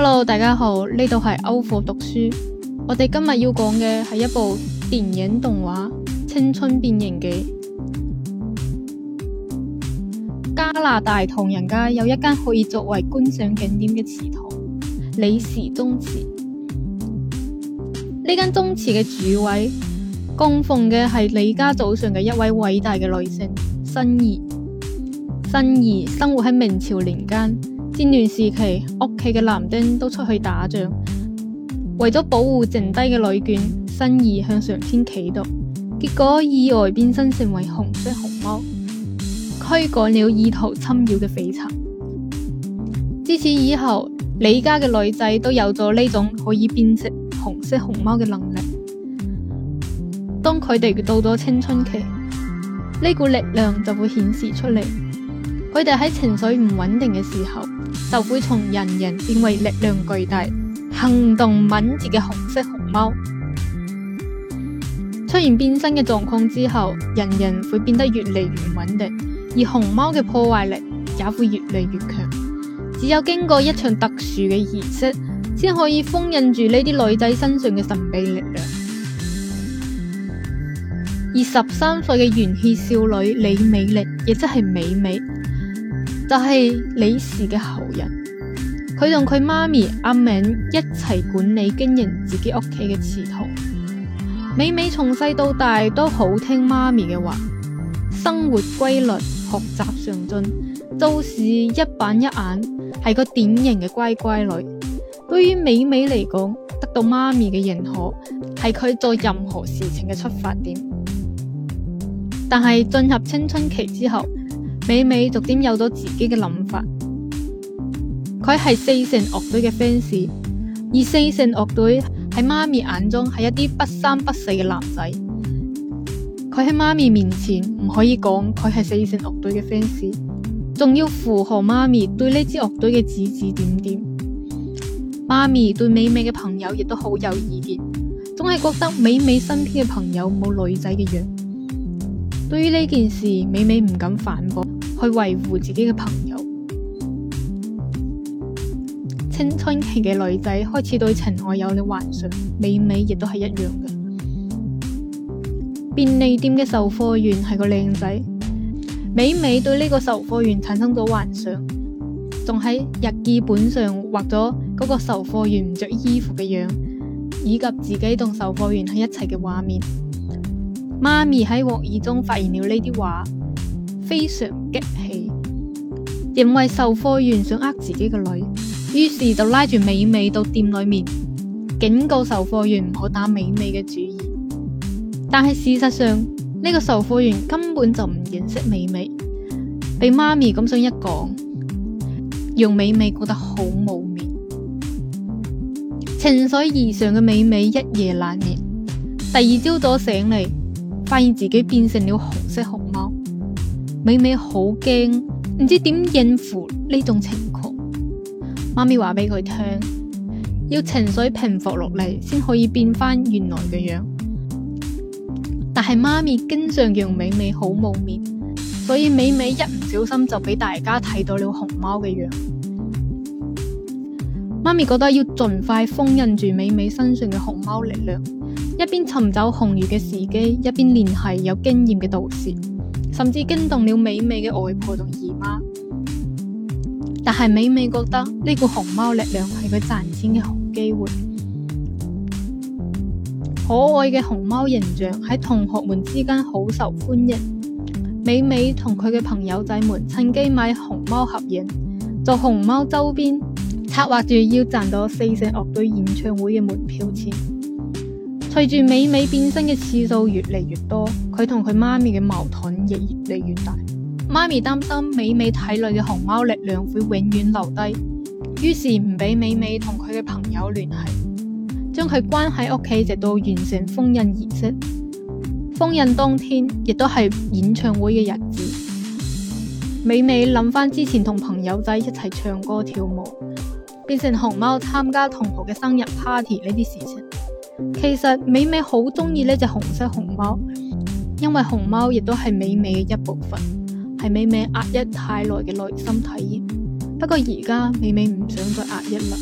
Hello，大家好，呢度係篝火讀書。我哋今日要講嘅係一部電影動畫《青春變形記》。加拿大唐人街有一間可以作為觀賞景點嘅祠堂，李氏宗祠。呢間宗祠嘅主位供奉嘅係李家祖上嘅一位偉大嘅女性——新儀。新儀生活喺明朝年間。戰亂時期，屋企嘅男丁都出去打仗，為咗保護剩低嘅女眷，新兒向上天祈禱，結果意外變身成為紅色熊貓，驅趕了意圖侵擾嘅匪徒。自此以後，李家嘅女仔都有咗呢種可以變成紅色熊貓嘅能力。當佢哋到咗青春期，呢股力量就會顯示出嚟。佢哋喺情緒唔穩定嘅時候，就會從人人變為力量巨大、行動敏捷嘅紅色熊貓。出現變身嘅狀況之後，人人會變得越嚟越唔穩定，而熊貓嘅破壞力也會越嚟越強。只有經過一場特殊嘅儀式，先可以封印住呢啲女仔身上嘅神秘力量。而十三歲嘅元氣少女李美麗，亦即係美美，就係李氏嘅後人，佢同佢媽咪阿明一齊管理經營自己屋企嘅祠堂。美美從細到大都好聽媽咪嘅話，生活規律，學習上進，做事一板一眼，係個典型嘅乖乖女。對於美美嚟講，得到媽咪嘅認可，係佢做任何事情嘅出發點。但係進入青春期之後，美美逐漸有咗自己嘅諗法，佢係四城樂隊嘅 fans，而四城樂隊喺媽咪眼中係一啲不三不四嘅男仔。佢喺媽咪面前唔可以講佢係四城樂隊嘅 fans，仲要附和媽咪對呢支樂隊嘅指指點點。媽咪對美美嘅朋友亦都好有意見，總係覺得美美身邊嘅朋友冇女仔嘅樣。對於呢件事，美美唔敢反駁。去維護自己嘅朋友。青春期嘅女仔開始對情愛有了幻想，美美亦都係一樣嘅。便利店嘅售貨員係個靚仔，美美對呢個售貨員產生咗幻想，仲喺日記本上畫咗嗰個售貨員唔着衣服嘅樣，以及自己同售貨員喺一齊嘅畫面。媽咪喺臥室中發現了呢啲畫。非常激氣，認為售貨員想呃自己嘅女，於是就拉住美美到店裏面警告售貨員唔好打美美嘅主意。但係事實上呢、這個售貨員根本就唔認識美美，俾媽咪咁想一講，讓美美覺得好無面，情緒異常嘅美美一夜難眠。第二朝早醒嚟，發現自己變成了紅色熊。美美好驚，唔知點應付呢種情況。媽咪話畀佢聽，要情緒平復落嚟，先可以變翻原來嘅樣。但係媽咪經常讓美美好蒙面，所以美美一唔小心就俾大家睇到了熊貓嘅樣。媽咪覺得要盡快封印住美美身上嘅熊貓力量，一邊尋找紅魚嘅時機，一邊聯繫有經驗嘅道士。甚至驚動了美美嘅外婆同姨媽，但係美美覺得呢、這個熊貓力量係佢賺錢嘅好機會。可愛嘅熊貓形象喺同學們之間好受歡迎，美美同佢嘅朋友仔們趁機買熊貓合影、做熊貓周邊，策劃住要賺到四城樂，樂隊演唱會嘅門票錢。隨住美美變身嘅次數越嚟越多，佢同佢媽咪嘅矛盾亦越嚟越大。媽咪擔心美美體內嘅熊貓力量會永遠留低，於是唔俾美美同佢嘅朋友聯繫，將佢關喺屋企直到完成封印儀式。封印當天，亦都係演唱會嘅日子。美美諗翻之前同朋友仔一齊唱歌跳舞，變成熊貓參加同學嘅生日 party 呢啲事情。其實美美好中意呢隻紅色熊貓，因為熊貓亦都係美美嘅一部分，係美美壓抑太耐嘅內心體驗。不過而家美美唔想再壓抑啦，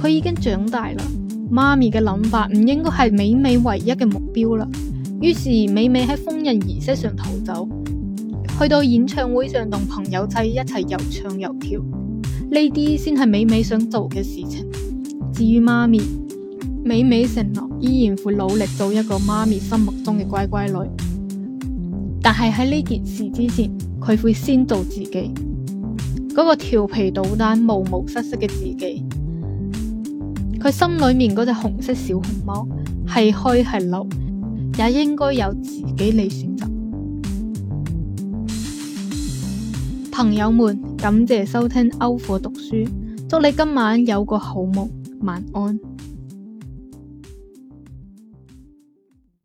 佢已經長大啦，媽咪嘅諗法唔應該係美美唯一嘅目標啦。於是美美喺封印儀式上逃走，去到演唱會上同朋友仔一齊又唱又跳，呢啲先係美美想做嘅事情。至於媽咪。美美承諾依然會努力做一個媽咪心目中嘅乖乖女，但係喺呢件事之前，佢會先做自己嗰、那個調皮搗蛋、冒冒失失嘅自己。佢心裏面嗰隻紅色小熊貓係去係留，也應該由自己嚟選擇。朋友們，感謝收聽篝火讀書，祝你今晚有個好夢，晚安。